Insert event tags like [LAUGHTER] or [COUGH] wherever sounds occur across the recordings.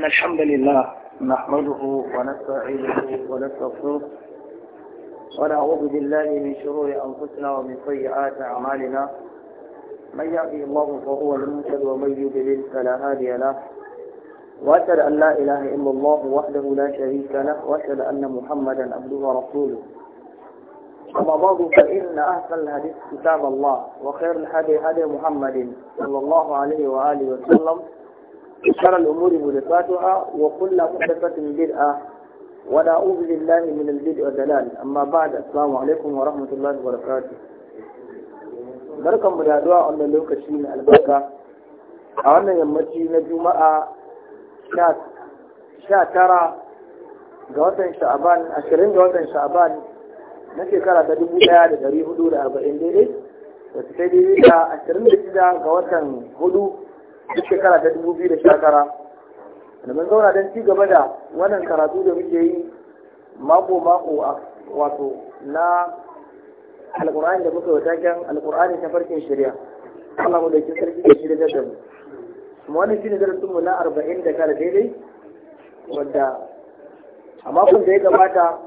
إن الحمد لله نحمده ونستعينه ونستغفره ونعوذ بالله من شرور أنفسنا ومن سيئات أعمالنا من يهدي الله فهو المهتد ومن يضلل فلا هادي له وأشهد أن لا إله إلا الله وحده لا شريك له وأشهد أن محمدا عبده ورسوله أما بعد فإن أحسن الحديث كتاب الله وخير الحديث هدي محمد صلى الله عليه وآله وسلم شر الأمور محدثاتها وكل محدثة بدعة ولا أعوذ بالله من البدع والدلال أما بعد السلام عليكم ورحمة الله وبركاته barkan mu da zuwa wannan lokaci na albarka a wannan yammaci na juma'a sha tara ga watan sha'aban ashirin ga watan sha'aban na shekara ta dubu daya da dari hudu da arba'in daidai wasu sai daidai da ashirin da shida ga watan hudu duk shekara ta dubu biyu da shakara. da mun zauna don ci gaba da wannan karatu da muke yi mako mako a wato na alkur'ani da muka wataken alkur'ani ta farkin shari'a Allah mu da ke sarki da shirya da mu kuma wannan shi darasin mu na arba'in da tara daidai wadda a makon da ya gabata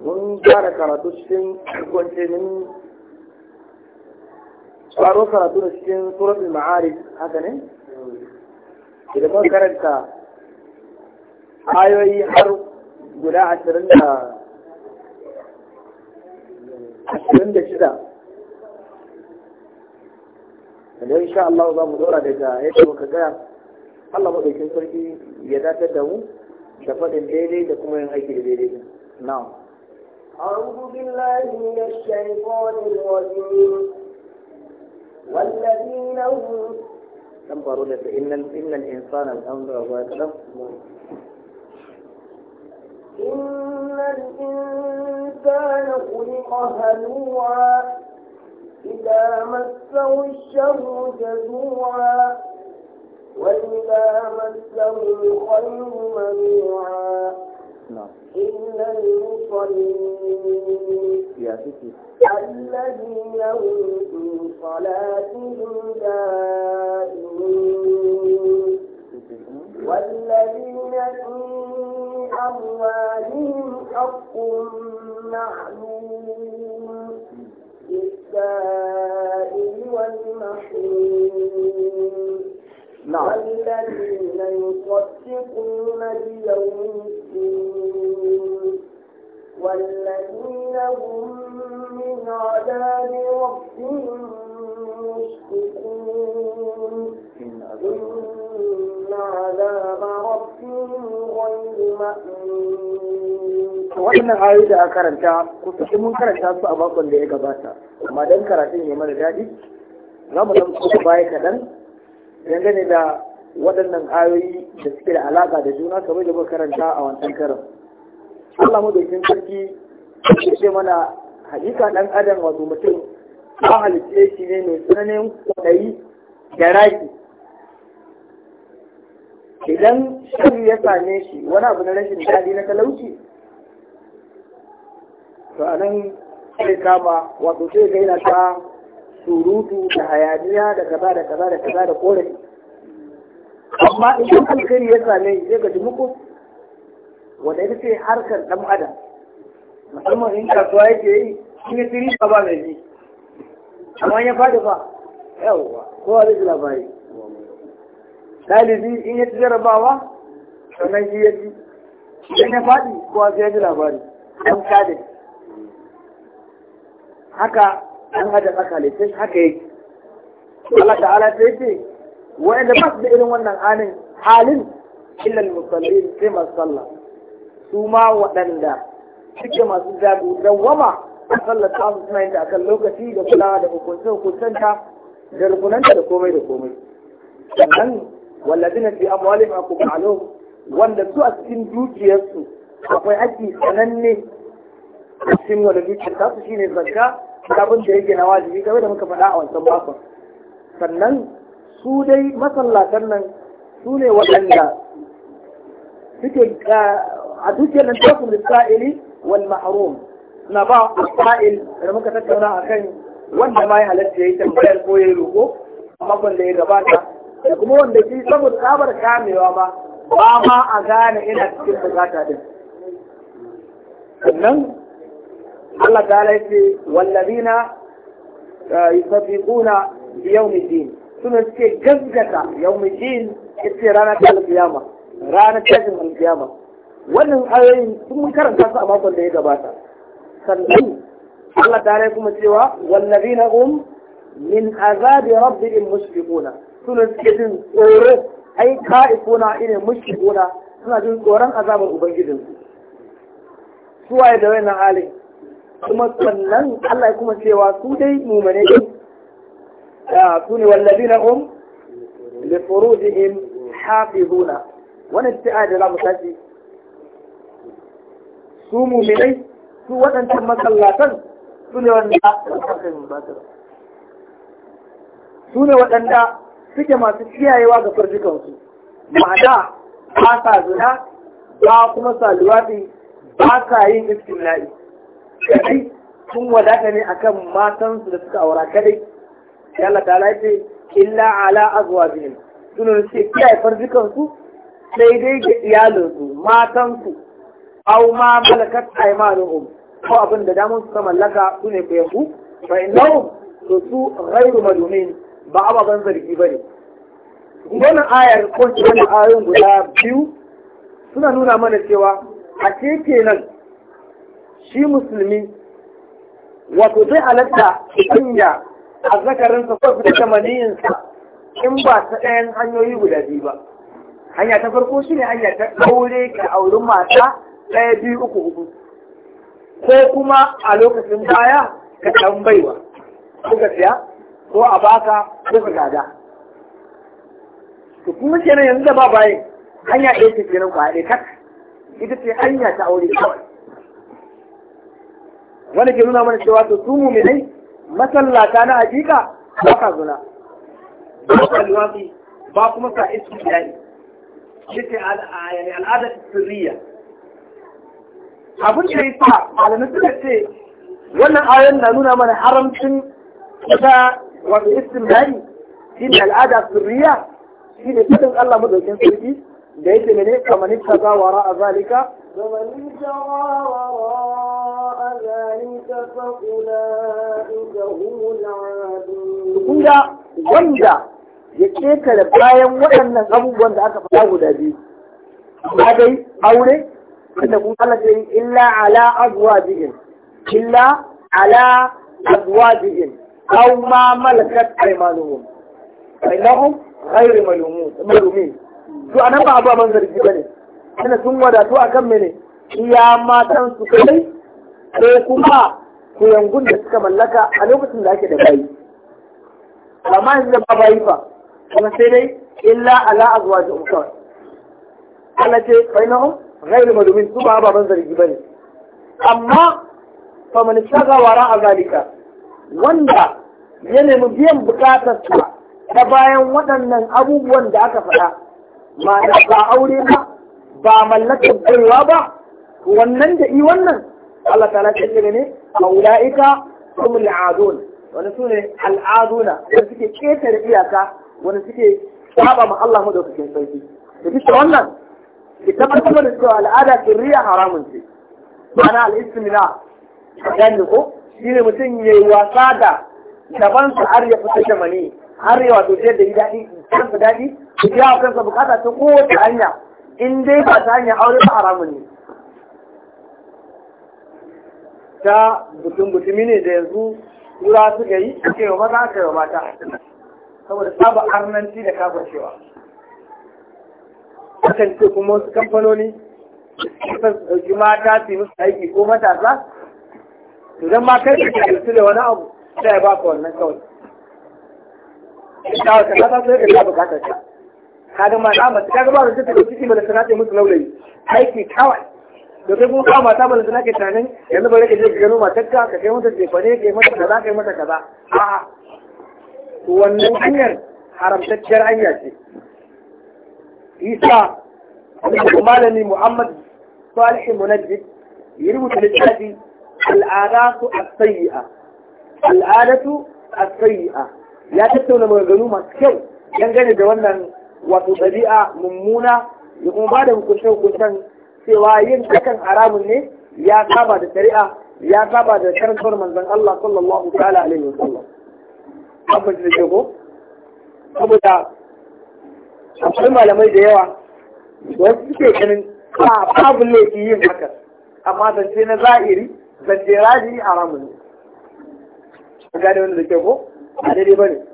mun fara karatu cikin kwanci mun ƙwaro karatu da cikin suratul ma'arif haka ne idan mun karanta ayoyi har guda ashirin da ashirin da shida da insha Allah za mu dora daga yadda muka gaya Allah maɗaukin sarki ya dace da mu da faɗin daidai da kuma yin aiki da daidai na'am أعوذ بالله من الشيطان الرجيم والذين هم كم ضرورة إن إن الإنسان الأمر ويتلف إن الإنسان خلق هلوعا إذا مسه الشر جزوعا وإذا مسه الخير منوعا نعم إلا المصلين الذين هم في صلاتهم دائمون والذين في أموالهم حق معلوم للسائل والمحروم نعم والذين يصدقون بيوم والذين هم من عذاب ربهم مشفقون إن عذاب ربهم غير مأمون wannan ayoyi da aka karanta kusa mun karanta su a bakon da ya gabata amma dan karatun ne mara daɗi za mu dan kuma baya kaɗan dangane da waɗannan ayoyi da suke da alaƙa da juna kamar da muka karanta a wancan karin Allah mu dokin sarki ya ce mana hakika ɗan adam wato mutum ba halitta shi ne mai tsananin kwaɗayi da raki idan Shari ya same shi wani abu na rashin daɗi na talauci to a nan sai kama wato sai ga yana ta surutu da hayaniya da kaza da kaza da kaza da korafi amma idan alkhairi ya same shi zai gaji muku wanda ya ce harkar dan adam musamman in kasuwa yake yi shi ne tiri ba ba mai ji amma ya faɗi ba. yawwa kowa zai ji labari ɗalibi in ya ci jarabawa sannan shi ya ji idan ya faɗi kowa sai ji labari Ɗan kada haka an hada aka sai haka yake Allah ta'ala sai ce wa'anda ba su da irin wannan anin halin illal musallin sai masu sallah su ma waɗanda suke masu zaɓi dawwama a sallar su suna yin akan lokaci da kulawa da hukunce hukuncenta da rukunanta da komai da komai sannan wallazina fi amwalin aku alum wanda su a cikin dukiyarsu akwai aiki sananne a cikin wanda dukiyar tasu shine zakka abin da yake na wajibi game da muka faɗa a wancan makon sannan su dai masallatan nan su ne waɗanda suke a dukiyar nan tasu lissa'ili wal mahrum na ba sa'il da muka tattauna a kan wanda ma ya halatta ya yi tambayar ko ya yi roƙo makon da ya gabata da kuma wanda shi saboda tsabar kamewa ma ba ma a gane ina cikin bukata din sannan Allah ta laifi wallazina ah, yusaddiquna bi yawmid din suna suke gaggata yawmid din ita ranar ta alfiyama. ranar tashin alfiyama. wannan ayoyin sun mun karanta su a makon da ya gabata sannan Allah ta laifi kuma cewa wallazina um min azabi rabbihim mushfiquna suna suke jin tsoro ai ka'ifuna irin mushfiquna suna jin tsoron azabar ubangijinsu suwaye da wannan halin kuma sannan Allah ya kuma cewa su dai mumane a su ne wallazina da in furujihim zuna wannan ta'a da za mu tashi su mumane su waɗancan masallatan su ne wanda su ne waɗanda suke masu kiyayewa ga farjikansu ma'ana ba sa zina ba kuma sa luwaɗi ba sa yin iskin la'i kadai sun wadata ne akan matansu da suka aura kadai sai Allah ta ce illa ala azwajihim sun ce kiyaye su? sai dai ga Matan su. au ma malakat aymanuhum ko abin da damun suka mallaka su ne ku yanku fa innahum to su ba ababen zargi bane wannan ayar ko wannan ayoyin guda biyu suna nuna mana cewa a ce nan. shi musulmi wato zai halatta a zakarinsa ko da tamaniyinsa in ba ta ɗayan hanyoyi guda biyu ba hanya ta farko shi ne hanya ta aure ka auri mata ɗaya biyu uku uku ko kuma a lokacin baya ka tambaiwa ko ka siya ko a baka ko ka gada to kuma kenan yanzu da ba bayan hanya ɗaya ce kenan kwaya ɗaya kak ita ce hanya ta aure kawai Wani ke nuna mana cewa to su mu'minai masallata na hakika ba ka zuna ba ka luwafi ba kuma sa isu yayi shike yani al'ada sirriya abin da yasa malamai suka ce wannan ayon na nuna mana haramcin ta wato istimdari shi ne al'ada sirriya shi ne fadin Allah madaukin sarki da yake mene kamanin kaza wa ra'a zalika فمن ابتغى وراء ذلك فأولئك هم العادون wanda ya ketare bayan waɗannan abubuwan da aka faɗa guda biyu ba dai aure da kuma Allah yi illa ala azwajihim illa ala azwajihim aw ma malakat aymanuhum fa innahum ghayru malumin to anan ba abu man zargi bane tana sun wadatu a kan mene iya matan su kai ko kuma kuyangun da suka mallaka a lokacin da ake da bayi amma yanzu da ba bayi fa kuma sai dai illa ala azwaji umkar Allah ce na ghairu madumin su ba baban zargi bane amma fa man shaga wara a zalika wanda ya nemi biyan bukatar ta bayan waɗannan abubuwan da aka faɗa ma da ba aure ba ba mallakar baiwa ba wannan da i wannan Allah ta ta'ala ce ne a ula'ika kuma al'adun wani su ne al'aduna wani suke ketare iyaka wani suke saba ma Allah da madaukakin sarki da bisa wannan ki tabbatar da cewa al'ada kirriya haramun ce ma'ana al'istimina gani ko shi ne mutum ya yi wasa da gabansa har ya fita da mani har ya wato da yi daɗi kansa daɗi ya kansa bukata ta kowace hanya in dai ba ta hanyar aure ba haramun ne ta butun butumi ne da yanzu kura suka yi a yi maza aka yi mata saboda saba arnanci da cewa akan ce kuma wasu kamfanoni su mata su yi musu aiki ko matasa to don ma kai su da wani abu sai ya ba ka wannan kawai. Ita wata kasa sai ka bukatar ta. kaga ma ta mace kaga ba da take ciki ba da sana ta musu laulayi aiki kawai da kai kuma kama ta balanta nake tunanin yanzu bare ka je ka gano matar ka ka kai mata jefa ne kai mata kaza kai mata kaza a'a wannan hanyar haramtacciyar hanya ce isa malami muhammad salih munajjid ya rubuta littafi al'adatu as-sayyi'a al'adatu as-sayyi'a ya tattauna maganganu masu kyau dangane da wannan wato ɗabi'a mummuna ya kuma ba da hukuncen cewa yin hakan haramun ne ya saba da shari'a ya saba da karantar manzan Allah sallallahu ta'ala alaihi wasallam abin da ke ko saboda akwai malamai da yawa wasu suke ganin ba babu laifi yin hakan amma zance na zahiri zance raji haramun ne gane wanda da ke ko a daidai ne.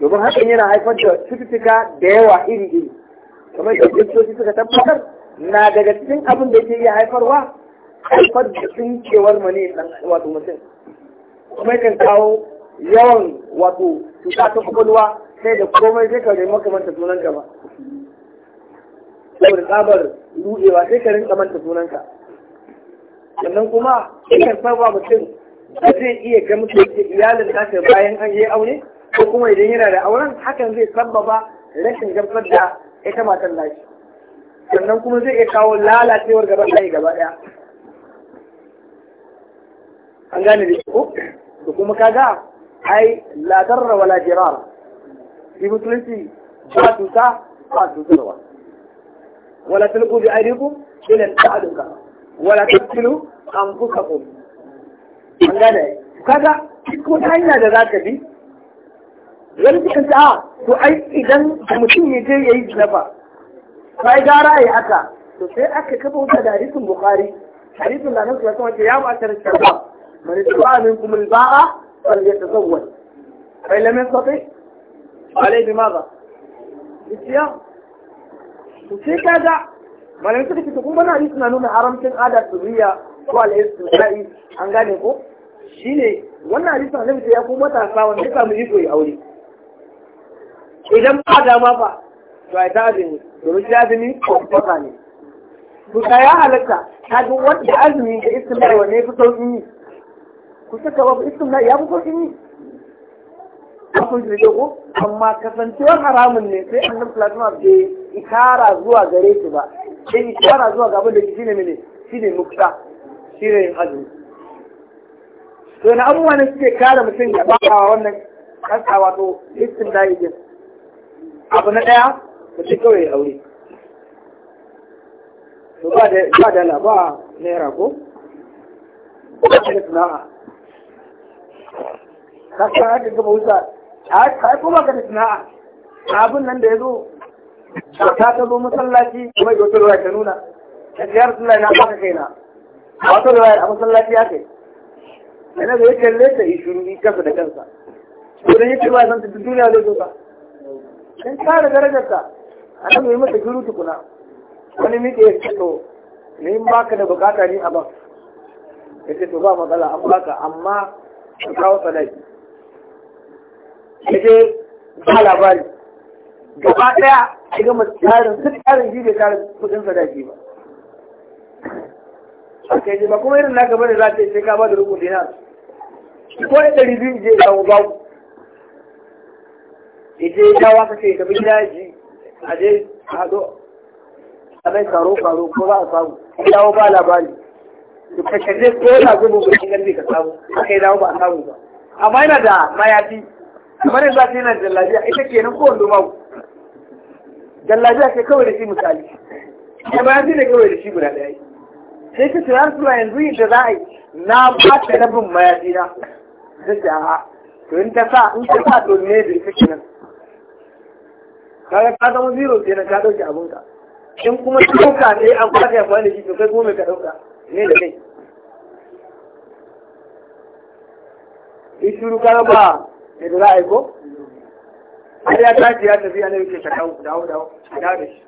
domin hakan yana haifar da cututtuka da yawa iri-iri kamar da likitoci suka tabbatar na daga cikin abin da ke iya haifarwa haifar da tsinkewar mani wato mutum kuma yakan kawo yawan wato cuta ta kwakwalwa sai da komai zai ka nemi kamanta sunan gaba saboda tsabar ruɗewa sai ka rinka manta ka sannan kuma yakan sarwa mutum ba zai iya gamsu mutum iyalin nasa bayan an yi aure ko kuma idan yana da auren hakan zai sabbaba rashin gamsar da ita matan nashi sannan kuma zai iya kawo lalacewar gaban layi gaba ɗaya an gane da ko da kuma kaga ai ladarra darra wala jirar fi musulunci ba tuta ba tutarwa wala tulku bi aidikum ila ta'aduka wala taqtulu anfusakum an gane kaga ko hanya da zaka bi wani cikin ta to ai idan mutum ya je ya yi zinafa sai gara ya haka to sai aka kafa wuta da hadisin bukhari hadisin da nasu ya kuma ce ya ba ta rikin ba mani tuwa min kuma ba'a wal ya tazawwal bai lamin sati alai bi maza gaskiya to sai kaga malamin suka ce kuma na hadisin na nuna haramcin adar suriya ko al-istisna'i an gane ko shine wannan hadisin annabi ya kuma matasa wanda ya samu yi ya aure idan ba dama ba to ai ta azumi domin shi azumi kwamfuta ne Ku ta ya halatta ta ga wanda azumi da mai wanne fi sauƙin yi ku saka ba na ya fi sauƙin yi kafin shi da ko amma kasancewar haramun ne sai an sallallahu alaihi wasallam ikara zuwa gare shi ba sai ikara zuwa ga abin da shi ne mene shi ne mukta shi ne azumi to na abubuwa ne suke kare mutum ya ba wannan kasa wato istimai din abu na ɗaya ka ci kawai aure to ba da ba dala ba naira ko ba da sana'a ka san aka gaba wuta a kai kuma ka da sana'a abin nan da ya zo ta ta zo masallaci mai wata ruwa ta nuna ta ziyar suna na baka kaina wata ruwa a masallaci ya kai yana da yake kalle ta yi shuru ni kansa da kansa to da yake ba san ta duniya zai zo ba dan kare a nan mai mata juru tukuna wani mike ya ce to ne baka da bukata ni a ban ya ce to ba matsala an baka amma ka kawo sadaki ya ce ba labari gaba ɗaya a gama tsarin su tsarin shi bai tsarin kudin sadaki ba ake ji ba kuma irin na gaba da za ta yi sai ka ba da rukun dinar ko ya ɗari biyu je ya samu babu ita yi dawa ka ce tafi daji a je a haɗo a mai karo karo ko za a samu ya dawo ba labari to ka zai ko yana gudun ba cikin ne ka samu a kai dawo ba a samu ba amma yana da mayafi kamar yanzu ake yana da ita ke nan kowanne abu jallajiya ke kawai da shi misali ya bayan ne kawai da shi guda ɗaya sai ka tsira su yanzu yadda za a yi na ba ta rabin mayafi na zai ce ha to in ta sa in ta sa to ne da ita kenan kaga ka zama zero kenan ka dauke abun ka in kuma ka dauka ne an fara ya fara shi to kai kuma me ka dauka ne da kai in shuru kaga ba da za yi ko har ya tashi ya tafi ana yake ka dawo dawo dawo da shi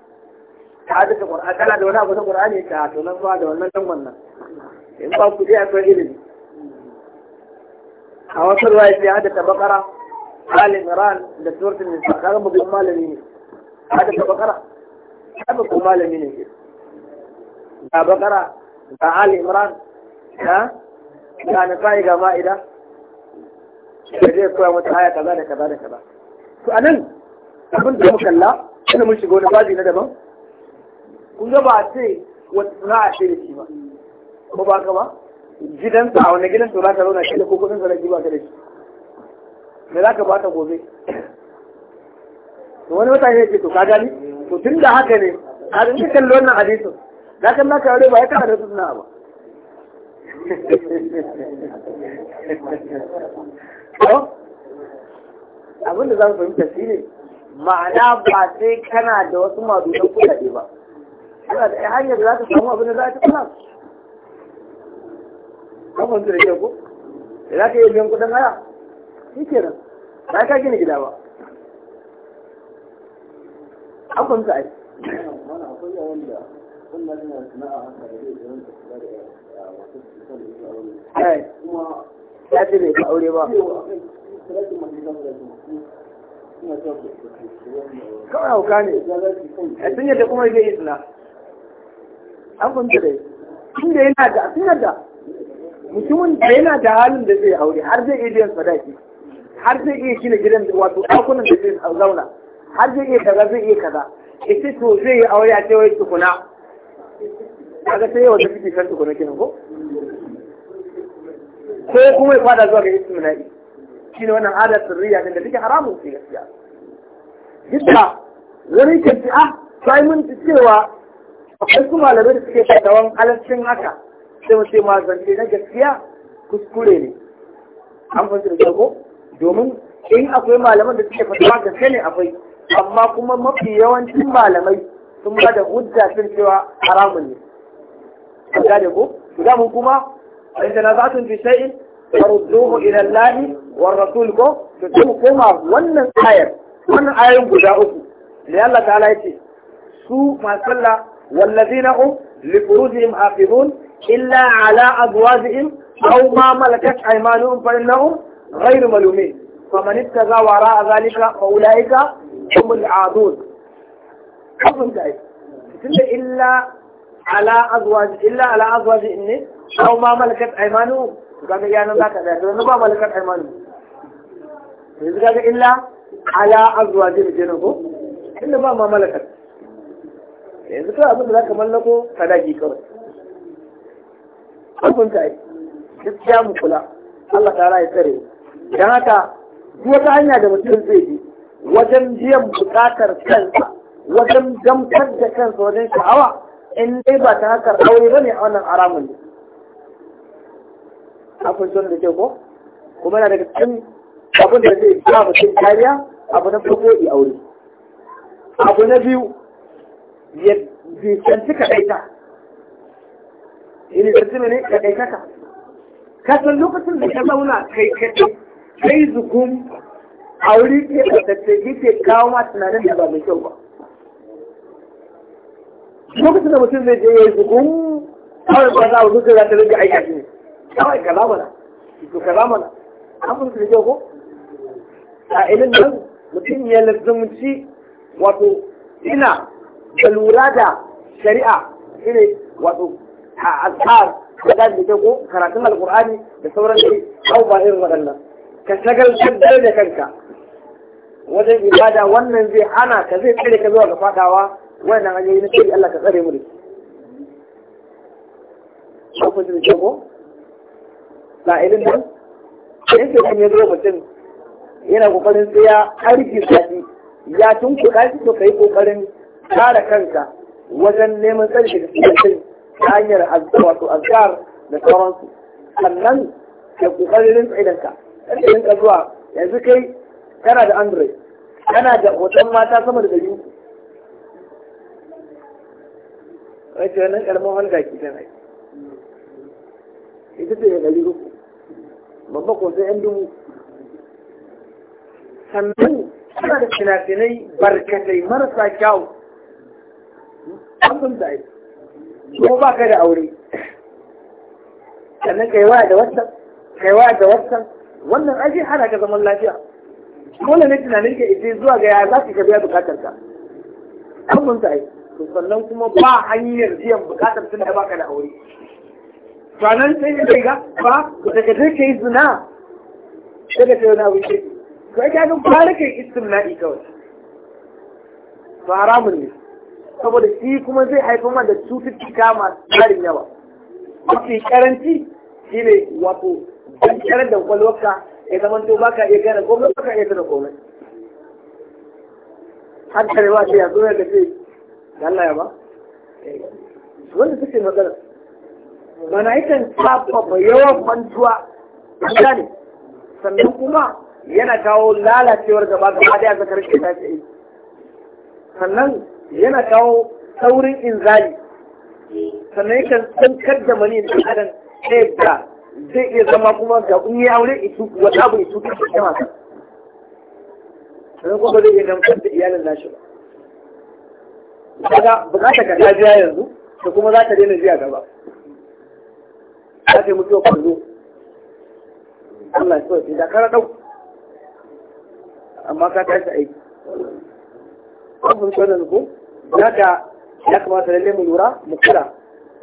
ta duka qur'ani kana da wani abu na qur'ani ka ah, to nan ba da wannan dan wannan in ba ku dai akwai ilimi a wasu ruwa ya ce ya da bakara Ali Imran da Suratul Nisa kaga mu bi malami ne haka ta bakara haka ko malami ne ke ga bakara ga ali imran ha ga na sai ga ma'ida da zai koya mata aya kaza da kaza da kaza to anan abin da muka kalla ina mun shiga wani babi na daban kun ga ba ce wata sana'a ce da shi ba ko ba ka ba gidansa a wani gidan to za ka zauna shi da ko kudin na da ba ka da shi me za ka ba ta gobe to wani mutane ne to ka gani to tun da haka ne a rinka kallon wannan hadisin da kan naka aure ba ya kada da sunna ba [LAUGHS] abin da za mu fahimta shi ne ma'ana ba sai kana da wasu madudan kuɗaɗe ba kana da hanyar da za ka samu abin da za ka kula kamar su da kyau ko da za ka yi biyan kuɗin haya shi kenan ba ka gina gida ba an fahimta ai ya ce bai aure ba kawai hauka ne a sun yadda kuma zai yi suna an fahimta dai tun da yana da sun yadda mutumin da yana da halin da zai aure har zai iya biyan sadaki har zai iya gina gidan wato ɗakunan da zai zauna har zai iya kaza zai iya kaza ita to zai yi aure a ce wai tukuna kaga sai yawa da suke kan tukuna kenan ko ko kuma ya fada zuwa ga istimna'i shine wannan adar sirriya din da take haramun ce gaskiya hidda wani ci a ah, sai mun cewa akwai kuma malamai da suke tattawan alaskin haka sai mu ce ma zance na gaskiya kuskure ne an fahimci da ko domin in akwai malaman da suke fatawa gaske ne akwai amma kuma mafi yawancin malamai sun ba da hujja sun cewa haramun ne an gane ko damun kuma in ta nazatun fi shay'in farudduhu ila Allah wa rasul ko to sai mu koma wannan ayar wannan ayoyin guda uku ne Allah ta'ala ce. su masu sallah wallazina hum li furujihim hafizun illa ala azwajihim aw ma malakat aymanuhum fa innahum ghayru malumin faman ittaqa wara'a dhalika fa ulaika humul adun kafin da illa ala azwaji illa ala azwaji ne aw ma malakat aymanu kaga yana zaka da yanzu ba malakat aymanu yanzu kaga illa ala azwaji ne ko inda ba ma malakat yanzu abin da zaka mallako sadaki kawai kafin ta yi gaskiya mu kula Allah ta ya tsare dan haka duk wata da mutum zai bi wajen biyan bukatar kansa wajen gamsar da kansa wajen sha'awa in dai ba ta haka aure ba ne a wannan haramun ne akwai son da ke ko kuma yana daga cikin abin da zai ba mutum kariya abu na farko ya aure abu na biyu ya bisanci kaɗaita ya bisanci ne kaɗaitaka ka san lokacin da ka zauna kai kaɗai kai zukun a wuri ke kasance yake kawo ma tunanin da ba mai kyau ba lokacin da mutum zai je ya yi zugun kawai ba za a zuwa za ta rage aiki shi ne kawai ka kaza mana to kaza mana an fi da kyau ko a ilin nan mutum ya lazumci wato ina da lura da shari'a shine wato a azhar da ko karatun alqur'ani da sauran dai abubuwa irin waɗannan ka shagaltar da kanka wajen ibada wannan zai hana ka zai tsere ka zuwa ga fadawa wannan hanyoyi na tsari Allah ka tsare mu da shi ko da jago la ilin da in kuma zo mutum yana kokarin tsaya aiki sati ya tun ku kashi to kai kokarin kare kanka wajen neman tsarki da cikin ta hanyar azkar wato azkar da sauransu sannan ka kokarin rinsa idanka kan ka rinka zuwa yanzu kai kana da android kana da hoton mata sama da ɗari uku wacce wannan ƙaramin halga ta tana ita ce da ɗari uku babba ko sai 'yan dubu sannan kana da finafinai barkatai marasa kyau An da ai ko ba ka da aure sannan kai waya da wasan kai da wasan wannan ai hana ka zaman lafiya dole ne tunanin ka ije zuwa ga ya za ka biya bukatar ka abun ta yi to sannan kuma ba hanyar biyan bukatar tun da baka da aure sanan sai ka ga ba da ka yi zina sai ka tayi na wuce to ga kaga fara kai istimna'i kawai to haramun ne saboda shi kuma zai haifar ma da cututtuka masu tsarin yawa mafi karanci shine wato karar da kwakwalwarka ya zama to ba ka iya gane komai ba ka iya gane komai har karewa ce ya zo ya da Allah ya ba wanda suke magana mana yakan tsafafa yawan mantuwa an gane sannan kuma yana kawo lalacewar gaba gaba da ya zakar ke tashi sannan yana kawo saurin inzali sannan yakan tsinkar da mani da adam ɗaya zai iya zama kuma ga in yi aure itu wata abu itu ta cikin haka sannan kuma zai iya gamsar da iyalin nashi ba kaga bukata ka ta biya yanzu da kuma za ta daina biya gaba za ta yi mutuwa kwallo Allah ya da kara dau amma ka tashi aiki kafin tsoron ko za ka ya kamata lalle mu lura mu kira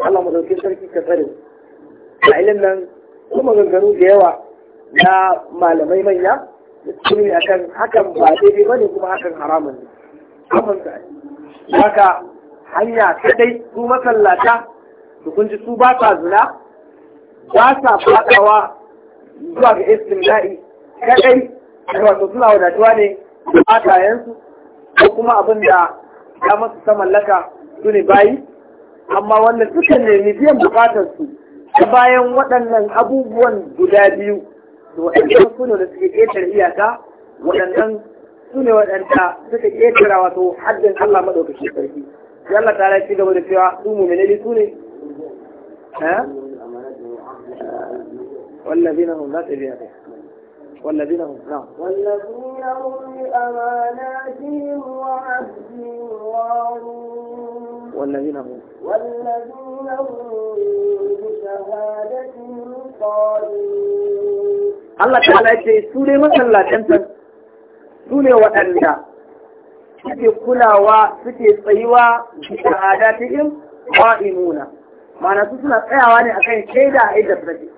Allah mu ɗauki sarki ka tsare mu a nan kuma ganganu da yawa na malamai manya sun yi akan hakan ba daidai ba ne kuma hakan haramun ne kafin haka hanya ta dai su masallata su kun ji su ba sa zina ba sa fadawa zuwa ga istimla'i kadai wato suna wadatuwa ne da matayensu ko kuma abin da ya masu ta mallaka su ne bayi amma wannan suka nemi biyan bukatarsu ta bayan waɗannan abubuwan guda biyu da waɗannan su ne da suke ƙetar iyaka waɗannan su ne waɗanda suka ƙetara wato haddin Allah maɗaukaki sarki sai ta ci gaba da cewa su mu menene su ne والذين والذين هم نعم والذين هم لأماناتهم وعهدهم والذين هم والذين Allah بشهادتهم قائمون الله تعالى يقول سورة مثلا تنسى سورة وأنها suke kulawa suke tsayuwa da shahadatihim qa'imuna Mana su suna tsayawa ne a kan shaida a yadda take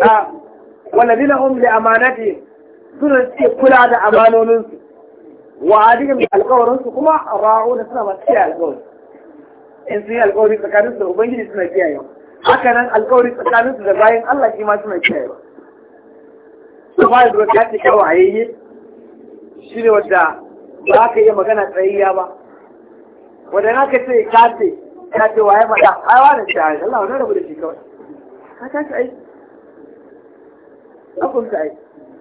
a walladina hum li amanati suna suke kula da amanoninsu wa'adihim da su kuma ra'una suna masu kiyaye alkawari in sun yi alkawari tsakaninsu da ubangiji suna kiyaye haka nan tsakanin su da bayan Allah shi ma suna kiyaye su ba da ya ce kawo ayayye shi ne wadda ba ka iya magana tsayayya ba wadda na ka ce ka ce ka ce waye faɗa ai da shi Allah wani rabu da shi kawai ka ta ce ai ka kunta ai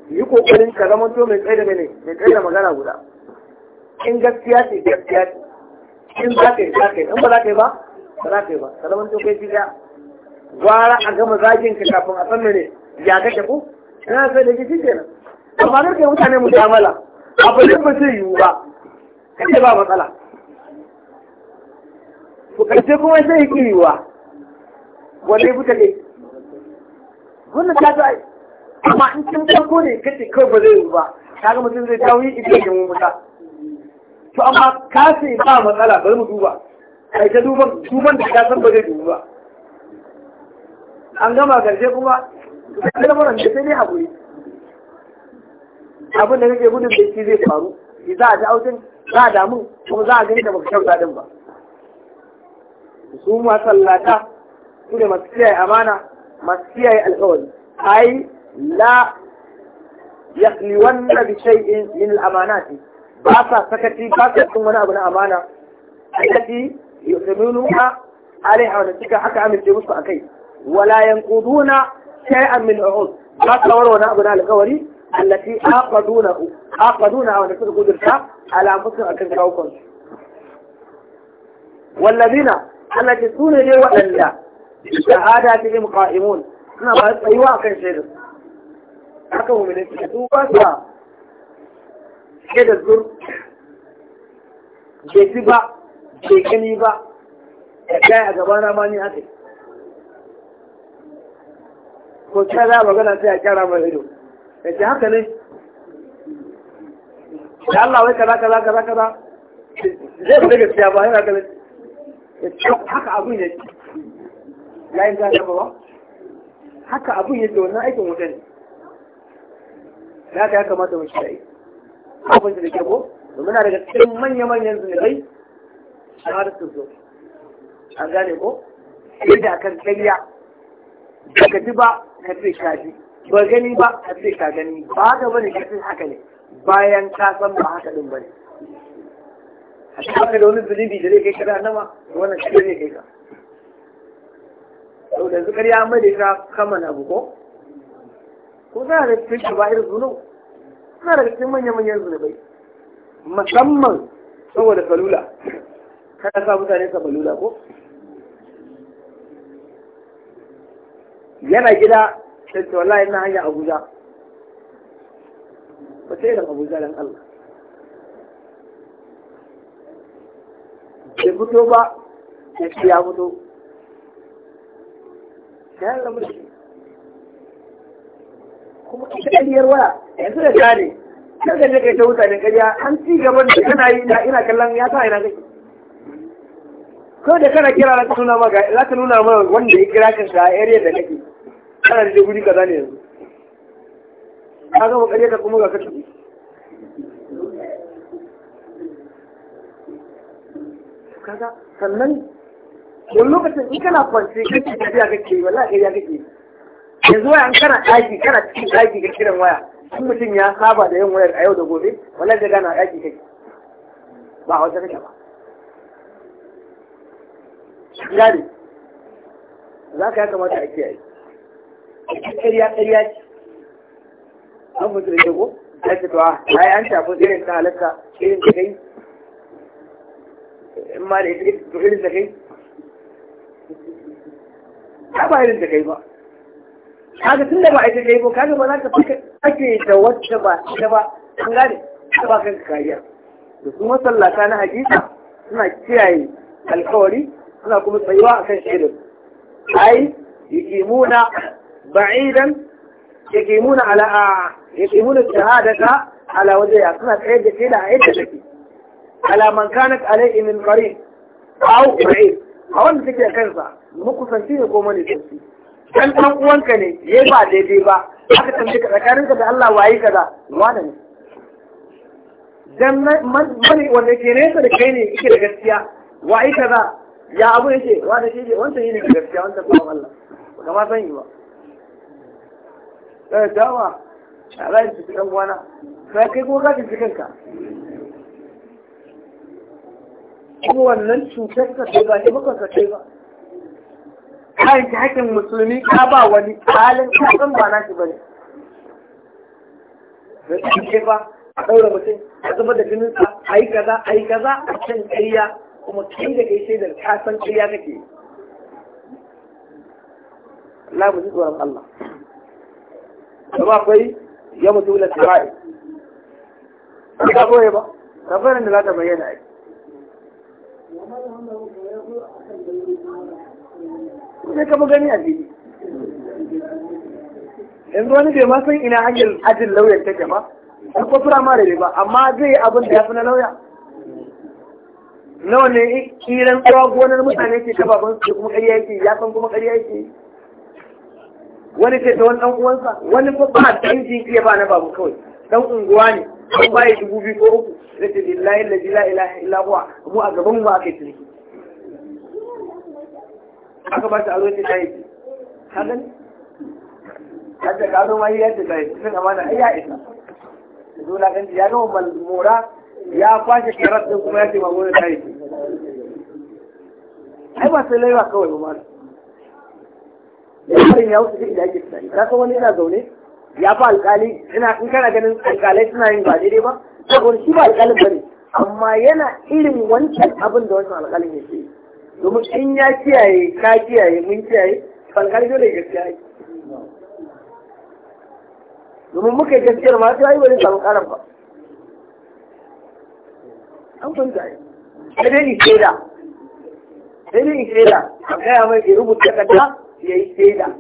yi kokarin ka zama to mai tsaye da mai tsaye da magana guda in gaskiya ce gaskiya ce in za ka yi za ka yi in ba za ka yi ba ba za ka yi ba salaman to kai fiya gwara a gama zagin ka kafin a san ne ya kake ku? ina sai da ke kenan amma kar kai mutane mu mu'amala abu da ba zai yiwu ba kace ba matsala to kace kuma zai yi yiwuwa wani buta ne wannan ta ta amma in kin farko ne kace kawai ba zai yiwu ba kaga mutum zai dawo yi idan ya mu mutu to amma ka ce ba matsala bari mu duba kai ta duban duban da ka san ba zai duba ba an gama karshe kuma kai da da sai ne hakuri abin da kake gudun da shi zai faru za a ji aukin, za a damu kuma za a gani da ba kyau din ba su masallata su ne masu kiyaye amana masu kiyaye alkawari ai la yaqliwanna bi shay'in min al-amanati ba sa sakaci ba sa cin wani abu na amana allati yu'minuna alaiha wa suka haka amince musu akai wala yanquduna shay'an min uhud ba sa warwa na abu na alƙawari allati aqaduna aqaduna wa suka gudurta ala musu akan kawukan wallazina allati sune ne waɗanda shahadatihim qa'imun suna ba tsayuwa akan shaidar haka mu ne su ba sa ke da zur bai ba bai gani ba da kai a gabana ma ni haka ko ta za a magana sai a kyara mai ido da ce haka ne da Allah wai kaza kaza kaza kaza zai fita siya ba yana ganin ya ce haka abin ya yi layin za ta ba haka abin yake wannan aikin wuta ne da haka ya kamata mu shi abin da ke ko muna daga cikin manya-manyan zunubai shahadatul zo an gane ko sai da kan kariya ba ka ji ba ka ce ka ji ba gani ba ka ce ka gani ba ka bane ka ce haka ne bayan ka san ba haka din bane a cikin da wani zunubi da zai kai ka da nama wannan shi zai kai ka to da zukar ya mai da ka kama na buko ko za a da cikin ba irin zunubi suna daga cikin manya-manyan zunubai musamman saboda falula kada sa mutane sa falula ko yana gida sai wallahi na hanya abuja ba sai da abuja don allah bai fito ba ya ce ya fito ya yi kuma ita ƙariyar waya yanzu da gane kar ka je kai ta mutane ƙarya an ci gaba da kana yi na ina kallon ya sa ina kake kawai da kana kira na ka nuna maka za ka nuna mana wanda ya kira ka a area da kake kana da guri kaza ne yanzu ka gama ƙarya ka kuma ga kashi kaga sannan wani lokacin in kana kwance kake tafiya kake wallahi ƙarya kake yanzu waya kana ɗaki kana cikin ɗaki ka kiran waya in mutum ya saba da yin wayar a yau da gobe wannan da gana ɗaki kai ba a wata kake ba gani za ka ya kamata a kiyaye ƙarya ƙarya ce an mutu da ko ya ce to a ah, yi an shafi irin ta halitta irin ta kai in ma da irin ta kai ba irin ta kai ba kaga tunda ba ita kai ba kaga ba za ka fika ake da wacce ba ita ba an gane ta ba kanka kariya da su masallata na hakika suna kiyaye alkawari suna kuma tsayuwa akan shirin ai yaqimuna ba'idan yaqimuna ala yaqimuna shahadaka ala wajhiha suna tsayar da kai da yadda take ala man kanat alayhi min qarib aw ba'id a wanda take kansa mukusanci ne ko mani sosai kan ɗan uwanka ne ya ba daidai ba aka tambaye ka tsakaninka da Allah waye kaza wane ne dan mani wanda ke nesa da kai ne yake da gaskiya waye kaza ya abu yake wanda shi ne wancan ne gaskiya wancan kuma Allah ba ma san yi ba eh dawa a zai ci dan uwana sai kai ko ka ci kanka ko wannan cutar ka ce ba ne maka ka ce ba kayan ki haƙƙin musulmi ka ba wani halin kasan ba na shi bane da shi ke ba a ɗaura mutum a zubar da jininsa a yi kaza a yi kaza a can kariya kuma kai da kai da kasan kariya kake Allah mu ji tsoron Allah ba kai ya mutu da tsara'i ka koye ba kafarin da za ta bayyana ai sai ka gani a jini yanzu wani bai ma san ina hanyar ajin lauyar take ba an ko firamare ba amma zai yi abin da ya fi na lauya nawa ne kiran tsawa gonar mutane ke kafafen su kuma ƙarya yake ya san kuma ƙarya yake wani ce ta wani ɗan uwansa wani ko ba dangin iya ba na babu kawai dan unguwa ne an bayi dubu biyu ko uku zai ce lillahi la ilaha illa huwa mu a gaban mu ba aka yi ciniki aka ba shi aro ne ta yi hagan hadda karo ma yadda ta yi cikin amana ai ya isa zo na kan ya gama mora ya kwashe kirar din kuma ya ce mamu ta yi ai ba sai laiwa kawai ba mana yarin ya wuce da ake tunani. ka san wani yana zaune ya fa alkali ina in kana ganin alkalai suna yin ba daidai ba saboda shi ba alkalin bane amma yana irin wancan abin da wancan alkalin ya yi domin in ya kiyaye ka kiyaye mun kiyaye fankar dole gaskiya ake domin muka gaskiyar ma sai wani zai samu karan ba an kwanta yi sai dai ni shaida sai dai ni shaida a gaya mai ya rubuta takarda ya yi shaida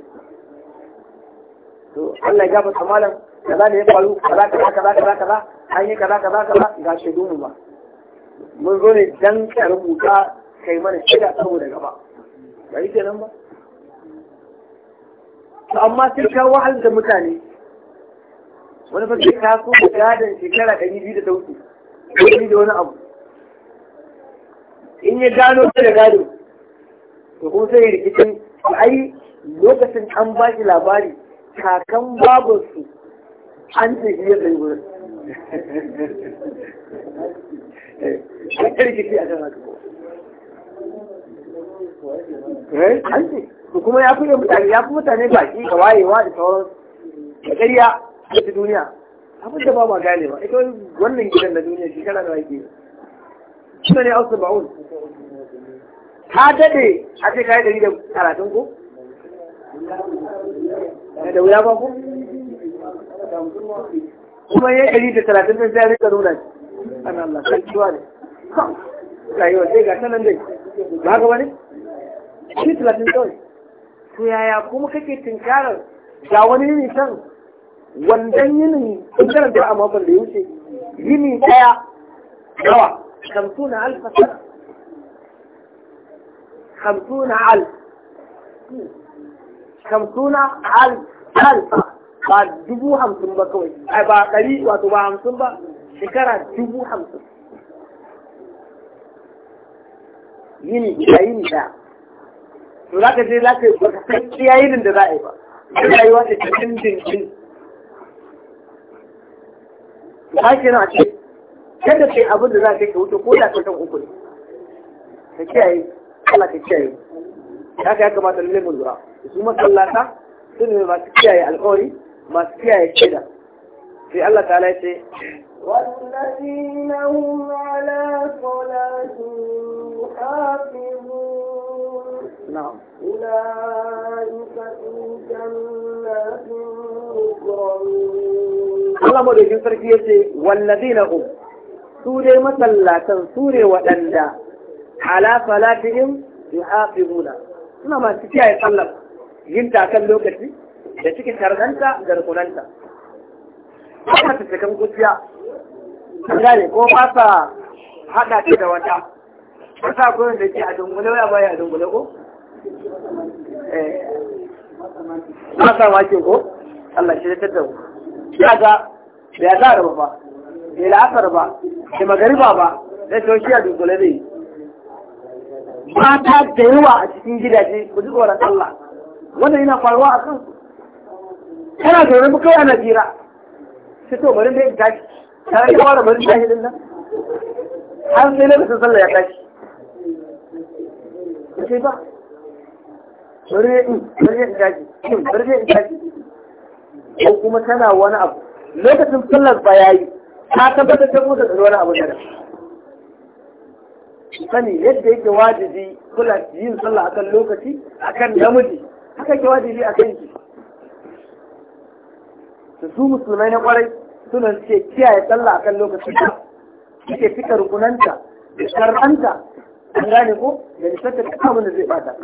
to Allah ya gafarta malam kaza da ya faru kaza kaza kaza kaza kaza an yi kaza kaza kaza ga shaidu mu ba mun zo ne dan ka rubuta kai mana shida da gaba ba yi kenan ba to amma sai ka wahal da mutane wani fa ka so da gadon shekara ɗari biyu da ta wuce da wani abu in ya gano da gado to kuma sai rikicin ai lokacin an ba shi labari kakan babansu an ce biyar zai wurin [LAUGHS] Ai a kan haka Eh, ce kuma ya fi mutane ya fi mutane baki ga wayewa da sauran da ƙarya ta duniya abin da ba ma gane ba ita wannan gidan na duniya shekara da wake suna ne ausu ba'un ka daɗe a ce ɗari da talatin ko da wuya ba ku kuma ya ɗari da talatin da zai rika nuna shi ana Allah kan ciwa ne rayuwar dai ga sanan dai ba ka ba shi talatin kawai to yaya kuma kake tinkarar ga wani yini can wandan yinin tinkarar da a makon da ya wuce yini daya yawa hamsuna alfa sana hamsuna alf hamsuna alf alfa ba dubu hamsin ba kawai ai ba ɗari wato ba hamsin ba shekara dubu hamsin yini da yini daya to za ka je za ka yi ba ka san iyayen da za a yi ba rayuwa ta cikin dindin ba ke nan a ce kada kai abin da za ka yi wuce ko da ka san uku ne ka kiyaye Allah ka kiyaye ka ya kamata lalle mu lura su masallata su ne masu kiyaye alƙawari masu kiyaye shaida sai Allah ta ya ce والذين هم على صلاتهم يحافظون Allah madaukin sarki ya ce, Wallazi na ku, su dai masallatan su ne waɗanda halafa lafiyin su haɗe nuna, suna masu kiyaye sallar yin takan lokaci da cike tarzanta da rukunanta. Kuma su cikin kusiya, an ne ko ba sa haɗa ce da wata, ba sa kuma da ke a dungule ya baya a dungule ko? ba eh. sa makin ko Allah shi ta dawo ya ga da ya zara ba da la'asar ba da magariba ba da shi a dunkule ne mata da yawa a cikin gidaje ku ji tsoron Allah wannan yana faruwa a kan kana da muka yi ana jira sai to bari da tashi kana yi fara bari da din nan har sai lokacin sallah ya tashi sai ba bari in bari in daji in bari in daji ko kuma tana wani abu lokacin sallar ba yi, ta tabbatar ta mutu da wani abu da sani yadda yake wajibi kula yin sallah akan lokaci akan namiji haka yake wajibi kan ki su musulmai na kwarai suna ce kiyaye sallah akan lokaci suke fika rukunanta da shar'anta an gane ko da ta abin da zai bata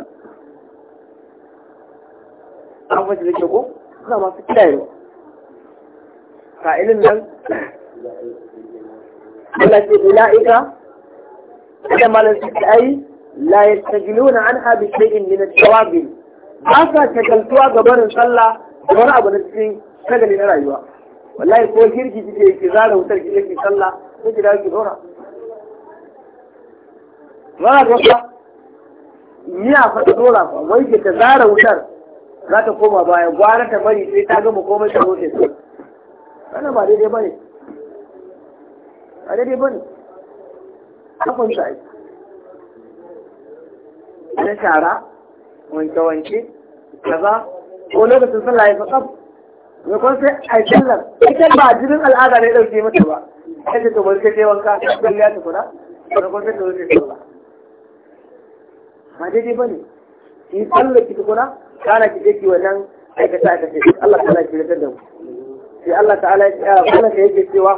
an fashe da ke ko suna masu kiɗa ne fa'ilin nan Allah ce ula'ika da malar suke ai la yastajiluna anha bi shay'in min al-tawabin ba sa shagaltuwa ga barin sallah da wani abu na cikin shagali na rayuwa wallahi ko girki kike ki zara wutar ki yake sallah sai ki dawo ki dora wala dosa ni a faɗa dora fa wai ki ta zara wutar za ta koma baya gwara ta bari sai ta gama komai ta rote su wannan ba daidai bane ba daidai bane a kun ai na shara wanke-wanke kaza ko lokacin sallah ya faɗa mai kwan sai a sallar ita ba jinin al'ada ne ɗauke mata ba ce to bari kace wanka don ya ta kuna, da kwan sai ta rote sallah ba daidai bane in sallar ki tukuna kana ki je ki wannan aikata ka ce Allah ta'ala ki rikar da mu sai Allah ta'ala ya tsaya kuma ka yake cewa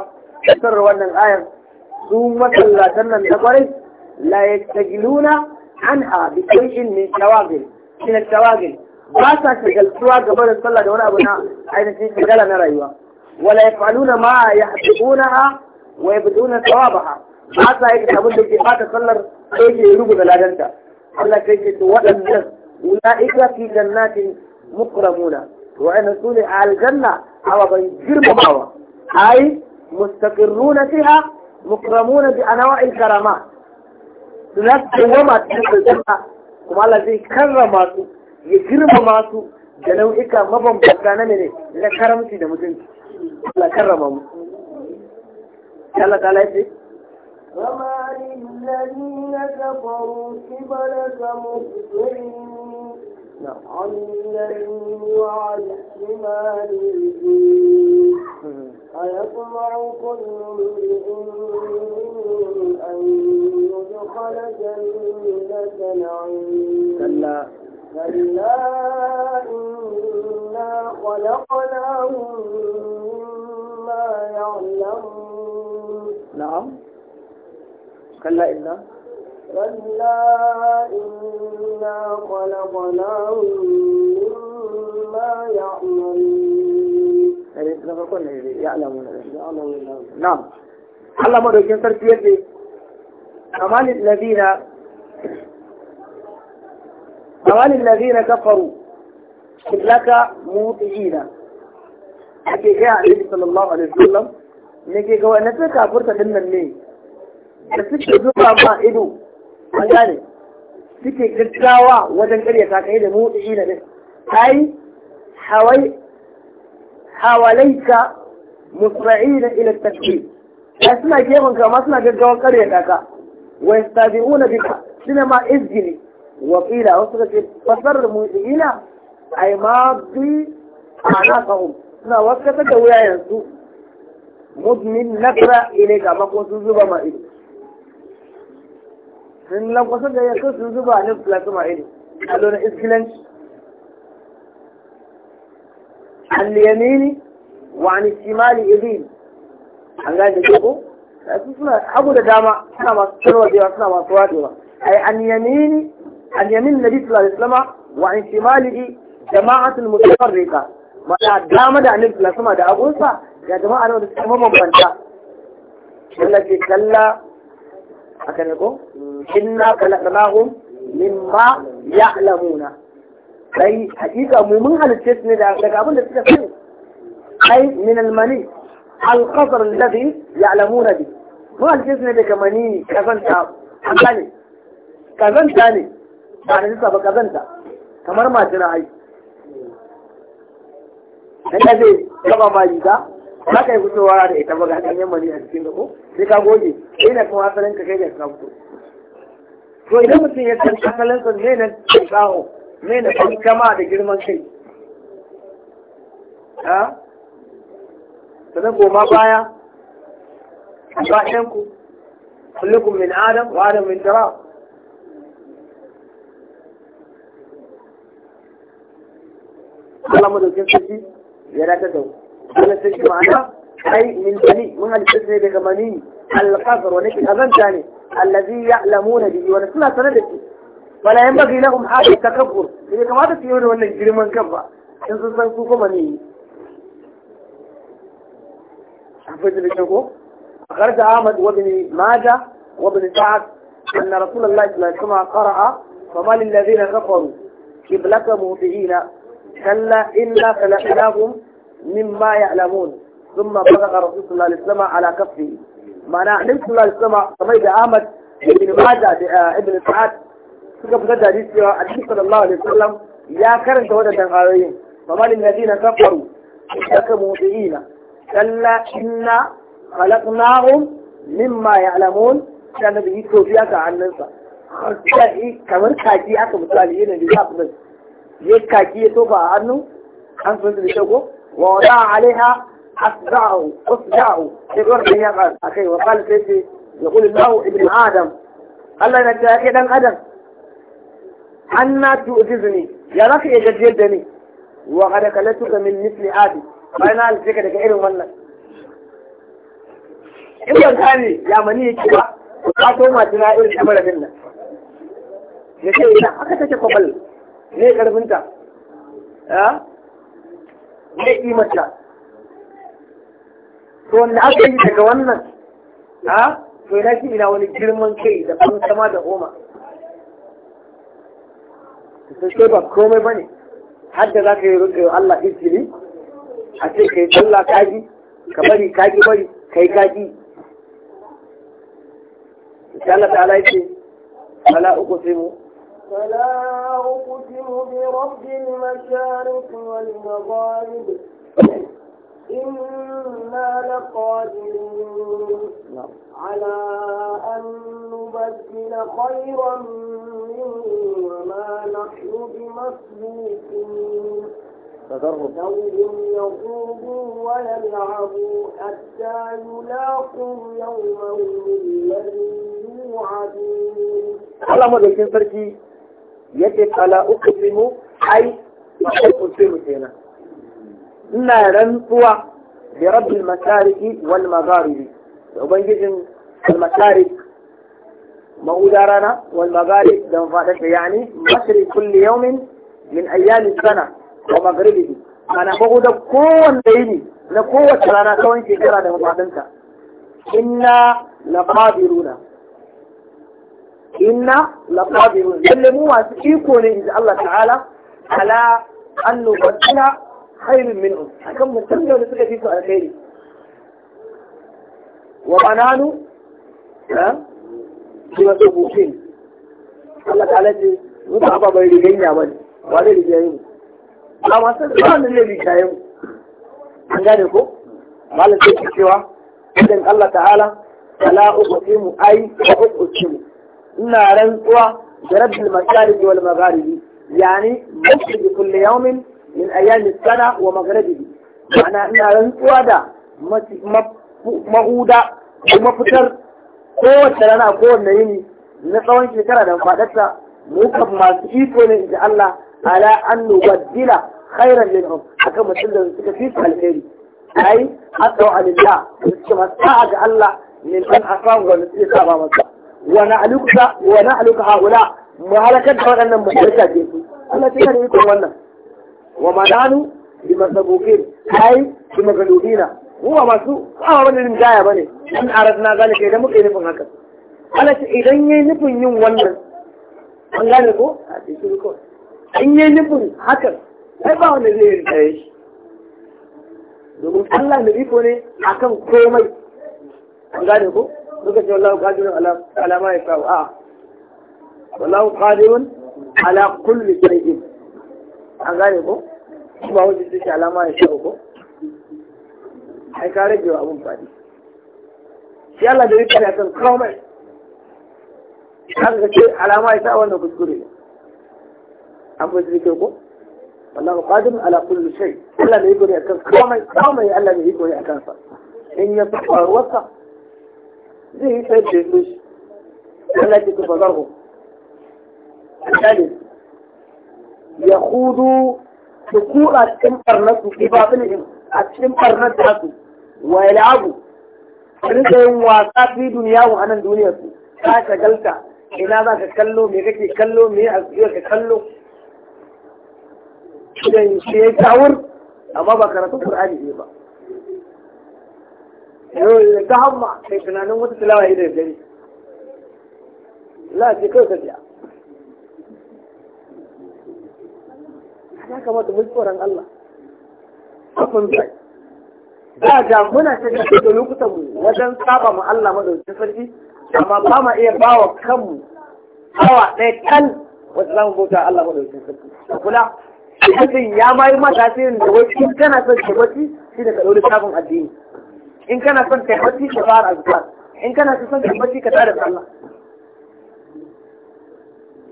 kasar wannan ayar su masallatan nan da kwarai la yastajiluna anha bi shay'in min shawagil min shawagil ba sa shagaltuwa gaba da sallah da wani abu na ainihin shagala na rayuwa wala yaf'aluna ma yahdiqunaha wa yabduna thawabaha ba sa yake abin da ke bata sallar sai ke rubuta ladanta Allah kai ke to waɗannan أولئك في جنات مكرمون وأن على الجنة أو بيجير مباوة أي مستقرون فيها مكرمون بأنواع الكرامات تنسوما تلك الجنة كما الذي كرماته يكرماته da nau'ika mabambanta na mene na karamci da mutunci لا karrama mu Allah ta laifi وما للذين كفروا قبلك مهطعين عن اليمين وعن الشمال أيطمع كل امرئ أن يدخل جنة نعيم كلا كلا إنا خلقناهم مما يعلمون نعم كلا إنا لا إنا خلقناهم مما يعملون يعني نعم الله ما رجل ينصر في يدي أمان الذين أمان الذين كفروا لك موطئين أكي يا عليه صلى الله عليه وسلم نكي قوى نتكى فرصة من من مين نتكى فرصة ما إدو an gane suke gaggawa wajen karya ta kai da motsi ina din ai hawai hawalaita musra'ina ila takbir ai suna gefen ka suna gaggawa karya ta ka wa yastabi'una bika suna ma izgini wa qila wasu ka ce fasar mu'ina ai ma bi ana sahum suna waskatar da wuya yanzu mudmin ina ilaika makon su zuba ma ido sun lankwasa da ya sun zuba ne plasma ido a lona iskilanci an ne wa an shimali idin an gani da ko su suna hagu da dama suna masu tarwajewa suna masu wadewa ai an ne an ne nabi sallallahu alaihi wasallam wa an shimali jama'atul mutafarriqa mana dama da annabi sallallahu alaihi wasallam da abunsa ga jama'a da suka mabambanta Allah ke kalla Akan ne ko inna khalaqnahum mimma ya'lamuna kai hakika mu mun halice su ne daga abin da suka sani kai min almani alqasr alladhi ya'lamuna bi mun halice su ne daga mani kazanta haka kazanta ne ba da ba kazanta kamar masu ra'ayi dan zai gaba ma riga za ka yi fitowa da ita ba ga hanyar mani a cikin gabo sai ka goge sai na kuma asalin ka kai da ka fito to idan mutum ya san asalin sa ne na tsaho ne na kuma kama da girman kai ha sannan goma baya ba ɗan ku kullukum min adam wa adam min tara Allah madaukin sarki ya dace da mu أنا تجي معنا أي من بني ما لتسمي بغمانين القذر ونكي أذن ثاني الذي يعلمون به ونسمع سندتي ولا ينبغي لهم حاجة تكبر إذا كما تتيون يجري من كبا إنسان سنسوك مني حفظ بشكو خرج أحمد وابن ماجه وابن سعد أن رسول الله صلى الله عليه وسلم قرأ فما للذين كفروا قبلك مهطئين كلا إلا فلقناهم mimma ya'lamun thumma balaga rasul sallallahu alaihi wasallam ala kaffi ma'ana annabi sallallahu alaihi wasallam kamar da Ahmad ibn Majah da ibn Sa'ad suka fitar da cewa annabi sallallahu alaihi wasallam ya karanta wadannan ayoyin faman alladhina kafaru yakamu diina kalla inna khalaqnahum mimma ya'lamun sai annabi yi tofiya ga hannunsa kamar kaki aka misali yana da zafin ya kaki ya a hannu an sun da shago ووضع عليها أصدعه أصدعه يقول من يفعل أخي وقال سيدي يقول الله ابن آدم الله ينجاك ابن آدم أنا تؤذذني يا رفي جدني وقد كلتك من مثل آدم فأنا ألتك لك إلو منك in ban gane ya mani yake ba ka to ma tuna irin kamar din nan ya ce ina aka take kwabal ne karfin ta yi mata. to wanda aka yi daga wannan ha to yana shi ina wani girman kai da ban sama da goma to sai ba komai ba ne har da za ka yi rukewa Allah izini a ce ka yi tsalla kaji ka bari kaji bari ka yi kaji Allah ta'ala yake sai mu. فلا أقسم برب المشارق والمغارب إنا لقادرون على أن نبدل خيرا منه وما نحن بمسبوقين لهم يطوبوا ويلعبوا حتى يلاقوا يومهم الذي يوعدون. kala fala uqsimu ai uqsimu kenan ina rantsuwa bi rabbil masariki wal magharibi da ubangijin al masarik ma'udarana wal magharib da ta yani masri kulli yawmin min ayyami sana wa maghribihi ana da kowanne yini na kowace rana tsawon shekara da mafadanta inna laqadiruna inna laqadirun lalle mu masu iko ne inji Allah ta'ala ala an nubaddila khairun minhum akan mutum da suka fi su alkhairi wa bananu ha shi wasu bukin Allah ta'ala ce mutu haba bai riganya ba ne ba zai rigaye mu ba masu ba ne zai rigaye mu an gane ko malam sai cewa idan Allah ta'ala ala uqsimu ay wa uqsimu ina rantsuwa da rabbil mashariki wal magharibi yani masjidi kulli yawmin min ayami sana wa magharibi ana ina rantsuwa da mahuda kuma fitar kowace rana kowanne yini na tsawon shekara da fadarta mu kan masu iko ne inji Allah ala an nubaddila khairan minhum akan mutum da suka fi alheri ai asau alillah suka masu ga Allah min an asamu ga wanda ba masa wa na'luka wa na'luka haula mu halakar da waɗannan mu halaka ke su Allah sai kare ku wannan wa madanu bi masabukin ai bi magalubina mu ba masu ba wani rin gaya bane in aradna zalika idan muke nufin haka Allah idan yayi nufin yin wannan an gane ko a cikin ko in yayi nufin hakan ai ba wani zai rinta shi domin Allah da iko ne akan komai an gane ko suka ce wallahu qadirun ala ma yasau a wallahu qadirun ala kulli shay'in an gane ko wajen alama ya shau ko ai ka rage wa abun fadi shi Allah da yake kan komai kaga ce alama ya sa wannan kuskure an fi zike ko wallahu qadirun ala kulli shay Allah da yake kan komai komai Allah da yake in ya faruwa zai yi sai da mushi Allah ke tufa zarhu misali ya hudu su kura cikin barnar su ba su babin a cikin barnar da su wa yal'abu rika yin wasa fi duniya mu anan duniyar su ka shagalta ina za ka kallo me kake kallo me a ka kallo idan shi ya tawur amma ba karatun Qur'ani ne ba yau eh, ta hamma kai tunanin wata tilawa ya da lokutan mu wajen saba mu Allah madaukakin sarki amma ba ma iya bawa kanmu awa ɗaya kan wasu zamu bauta Allah madaukakin sarki kula mutum ya mayu yi da wasu kana son shi shi da ka ɗauri sabon addini in kana son kai bacci ka fara azkar in kana son kai bacci ka tsara Allah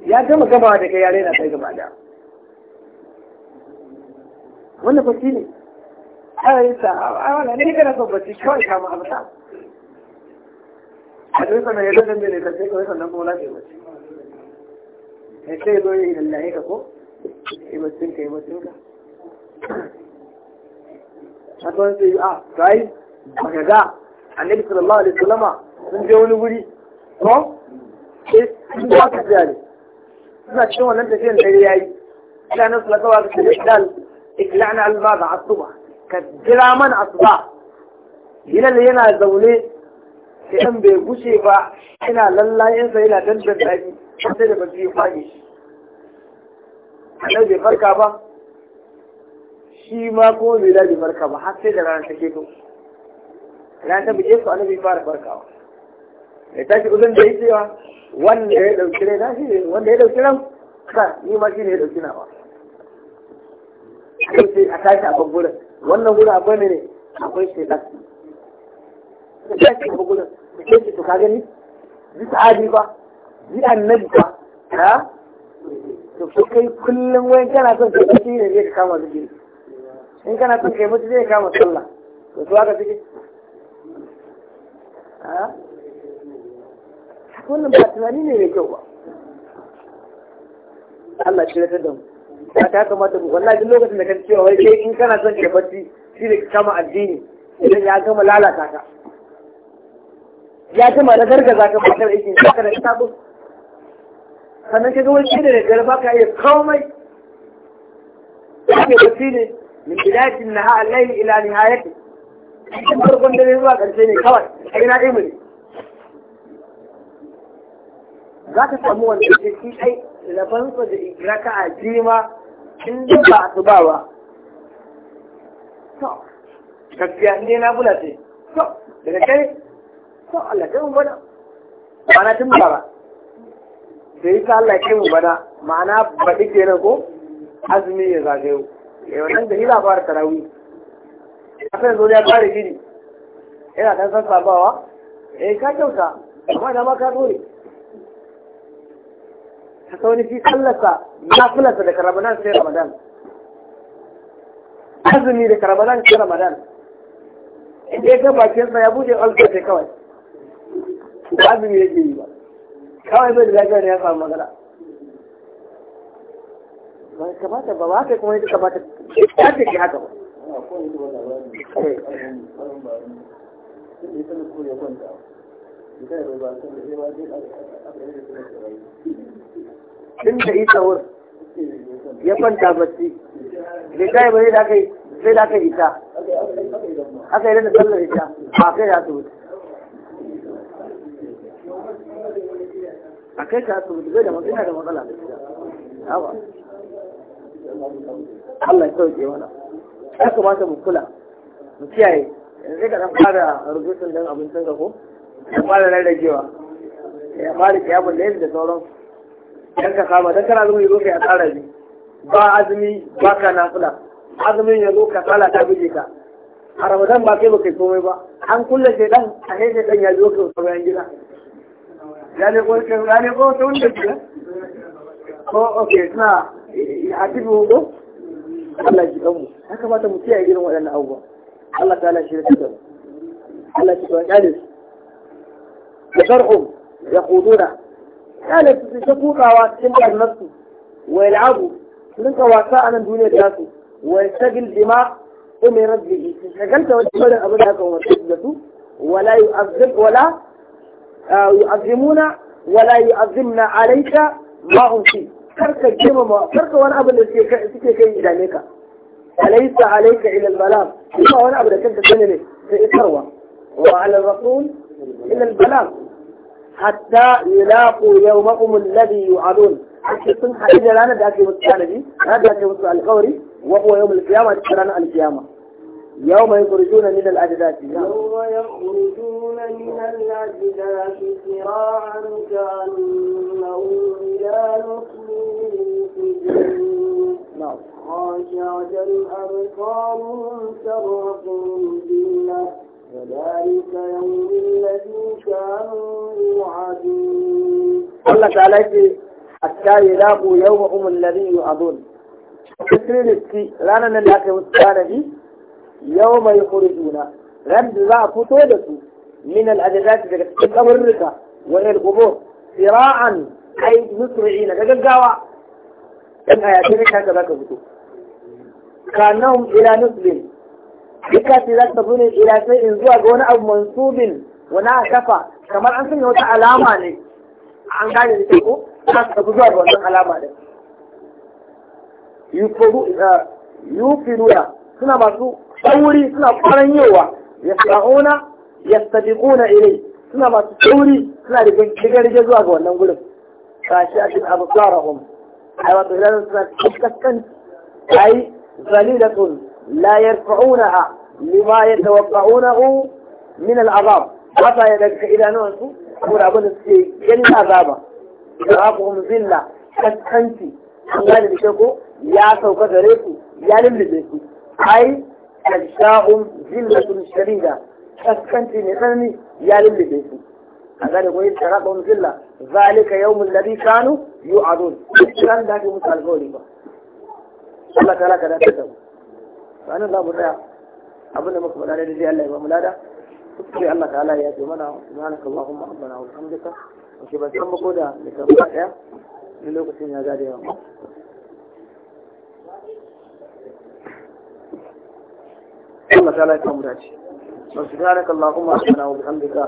ya gama gama da kai ya raina sai gaba da wannan bacci ne ai sa ai wannan ne kana son bacci kawai ka ma abata a duk sanar yadda zan bele da sai kawai sannan kuma ke bacci kai sai zo yi lallahi ka ko yi baccin ka yi ah, ka a kawai sai yi a to daga da annabi sallallahu alaihi wasallama sun je wani wuri ko sai eh, sun ba ka ne? suna cikin wannan tafiyar dare yayi ila na sallallahu wa wasallama da dal ikla'na al da asuba ka jira man asuba ila yana zaune sai an bai gushe ba ina lallayensa yana dandan daji sai da basu yi shi annabi bai farka ba shi ma kuma bai daji farka ba har sai da ranar ta to ran ta bije su annabi fara farkawa Mai tashi uzun da yake wa wanda ya dauki rai shi wanda ya dauki nan ka ni ma shi ne ya dauki nawa sai a tashi a bangulan wannan gurin akwai ne ne akwai shaitan ta tashi a bangulan ka ce to ka gani ji sa'adi ba ji annabi ba ha to ko kai kullum wai kana son kai mutu ne zai kama zikiri in kana son kai mutu zai kama sallah to to haka take wannan ba tunani ne mai kyau ba Allah shi da mu ba ta kamata mu wallahi duk lokacin da ka cewa wai sai in kana son ka shi ne kama addini idan ya gama lalata ka ya gama na gargaza ka bakar aikin ka kana ita bu sannan ka ga wani shi ne da garba ka iya komai kake bacci ne min bidayatin na al-layl ila nihayatihi cikin farkon dare zuwa ƙarshe ne kawai kai na ilmi ne za ka samu wanda ke shi ai labansa da igraka a jima in da ba a su ba ba to gaskiya ne na bula ce to daga kai to Allah kai mun bana bana tun ba ba sai ka Allah kai mun bana ma'ana ba baɗi nan ko azumi ya zagayo eh wannan da hila fara tarawih akan zo ya kare gini yana kan san sabawa eh ka kyauta amma da ma ka dore ka sauni fi sallasa na fulasa da karamadan sai ramadan azumi da karamadan sai ramadan in dai ga bakin sa ya bude alƙa sai kawai ba azumi yake yi ba kawai bai da lafiya ne ya samu magana ba kamata ba ba haka kuma ya kamata ya ce haka ba tun da isa wur ya kwanta bacci yi ba da kai sai da yi ta. aka yi da sallar ita ba kai da su wuce a kai su wuce da matsala da Allah ya sauke mana. ya kamata mu kula mu kiyaye yanzu ka dan fara rubutun dan abincin ka ko ka fara rarragewa ya fara kiyamun da da sauran dan ka kama dan kana zuwa yi kai a tsara bi ba azumi ba ka kula azumin ya zo ka tsala ta bije ka a ramadan ba kai ba kai komai ba an kulle dan a sai dan ya zo ka wasu bayan gida ya ne ko ya ne ko ta wanda gida ko oh, ok suna a cikin hudu Allah ji mu ya kamata mu kiyaye irin waɗannan abubuwa Allah ta lashe da tsaro Allah ki kawai kalis da sharhum ya kuduna kalis su ta kukawa cikin jannatu wa yal'abu su rinka wasa a nan duniyar tasu wa yastagil bima umira bihi shagalta wani barin abin da aka umarce su da su wala yu'azzim wala yu'azzimuna wala yu'azzimna alayka fi ترك الجمم ترك وانا أبدا سيكي كي إدانيك عليك عليك إلى البلاغ إما وانا أبدا كنت تنمي في إتروى وعلى الرسول إلى البلاغ حتى يلاقوا يومهم الذي يعدون أكتن حديث لانا داكي مستعنا دي أنا داكي مستعنا القوري وهو يوم القيامة تسرانا القيامة يوم يخرجون من الأجداد يوم يخرجون من الأجداد سراعا كانوا إلى نصف نعم خاشعة أبصارهم ترهقهم ذلة ذلك يوم الذي كانوا يوعدون الله تعالى حتى يلاقوا يومهم الذي يوعدون كثير التي لانا نلاقي مستاندي يوم يخرجون رد ذا فتودته من الأجداد في القبر والقبور سراعا أي مسرعين كجل dan aya ta ne kaga zaka fito kanahum ila nusbin duka sai za ka zo ila sai in zuwa ga wani abu mansubin wani a kafa kamar an sanya wata alama ne an gane da ko za ka zuwa ga wannan alama ne eh, yufiruna suna masu sauri suna kwaran yawa sadiku na ilai suna masu sauri suna da rigar zuwa ga wannan gurin kashi a cikin abusarahum ai wato idan suna cikin kaskan ai zalilatun la yarfa'unaha lima yatawaqqa'unahu min al'azab haka ya daga idanuwan su ko da abin da suke ganin azaba rafuhum zilla kaskanci an gane da ko ya sauka gare su ya lullube su ai asha'um zillatun kaskanci ne tsanani ya lullube su أذلك وإذ شرابهم ذلة ذلك يوم الذي كانوا يوعدون كان ذاك يوم الغولي الله تعالى كذا تدعو فأنا الله بريع أبونا مكبر على رضي الله ومولادا في الله تعالى يا جمانا سبحانك اللهم ربنا وبحمدك وشبه سمى قودا لكبرات للوقت من هذا يا الله تعالى يا راجي سبحانك اللهم ربنا وبحمدك